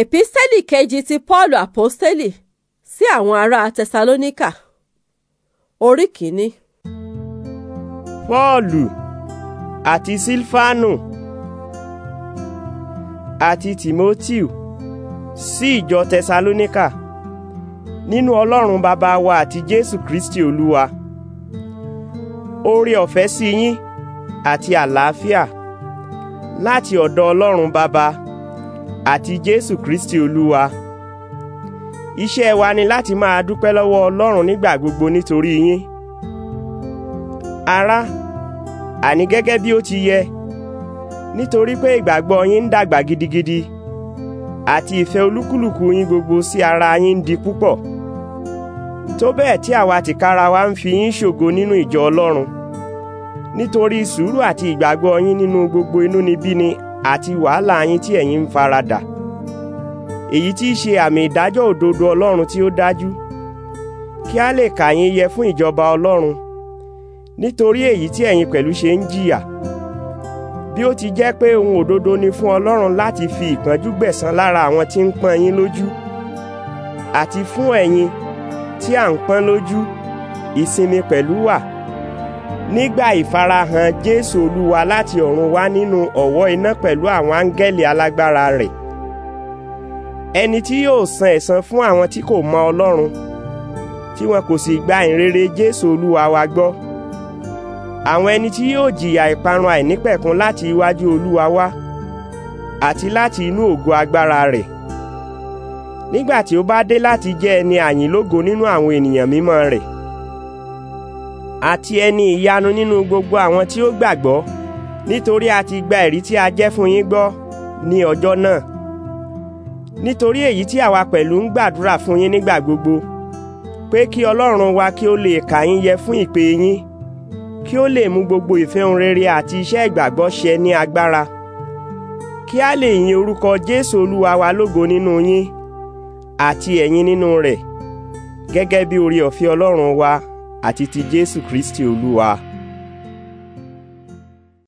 èpísẹ́lì kejì ti pọ́ọ̀lù àpọ́stẹ́lì sí àwọn ará tẹsalóníkà orí kìíní. Paulu àti sílfánù àti tìmọ́tíù sí ìjọ tẹsalóníkà nínú ọlọ́run bàbá wa àti jésù kristi olúwa oore ọ̀fẹ́ sí yín àti àlàáfíà láti ọ̀dọ̀ ọlọ́run bàbá. àti Jésù Kristi Olúwa. Iṣẹ́ wa ni láti máa dúpẹ́ lọ́wọ́ Ọlọ́run nígbà gbogbo nítorí yín. Ara àní gẹ́gẹ́ bí ó ti yẹ, nítorí pé ìgbàgbọ́ yín ń dàgbà gidigidi, àti ìfẹ́ olúkúlùkù yín gbogbo sí ara yín ń di púpọ̀. Tó bẹ́ẹ̀ tí àwa tìkára wa ń fi yín ṣògo nínú ìjọ Ọlọ́run. Nítorí sùúrù àti ìgbàgbọ́ yín nínú gbogbo inú inúnibíni àti wàhálà yín tí ẹ̀yin ń faradà èyí tí í ṣe àmì ìdájọ́ òdodo Ọlọ́run tí ó dájú kí a lè kà yín yẹ fún ìjọba Ọlọ́run nítorí èyí tí ẹ̀yin pẹ̀lú ṣe ń jìyà bí ó ti jẹ́ pé ohun òdodo ni fún Ọlọ́run láti fi ìpọ́njú gbẹ̀san lára àwọn tí ń pọ́n yín lójú àti fún ẹ̀yin tí à ń pọ́n lójú ìsinmi pẹ̀lú wà nígbà ìfarahàn jésù olúwa láti ọ̀run wá nínú ọ̀wọ́ iná pẹ̀lú àwọn áńgẹ́lì alágbára rẹ̀ ẹni tí yóò san ẹ̀san fún àwọn tí kò mọ ọlọ́run tí wọn kò sì gba ìrere jésù olúwa wa gbọ́ àwọn ẹni tí yóò jìyà ìparun àìnípẹ̀kun láti iwájú olúwa wa àti láti inú ògo agbára rẹ̀ nígbà tí ó bá dé láti jẹ́ ẹni àyìnlógo nínú àwọn ènìyàn mímọ́ rẹ̀ àti ẹni ìyanu nínú gbogbo àwọn tí ó gbàgbọ́ nítorí a ti gba ẹ̀rí tí a jẹ́ fún yín gbọ́ ní ọjọ́ náà nítorí èyí tí àwa pẹ̀lú ń gbàdúrà fún yín nígbà gbogbo pé kí ọlọ́run wa kí ó lè kà yín yẹ fún ìpè yín kí ó lè mú gbogbo ìfẹ́ ohun rere àti iṣẹ́ ìgbàgbọ́ ṣẹ ní agbára kí a lè yin orúkọ Jésù olúwa wa lógo nínú yín àti ẹ̀yin nínú rẹ̀ gẹ́gẹ́ bí oore ọ̀fẹ́ ọlọ́run wa àti ti Jésù Kristi Olúwa.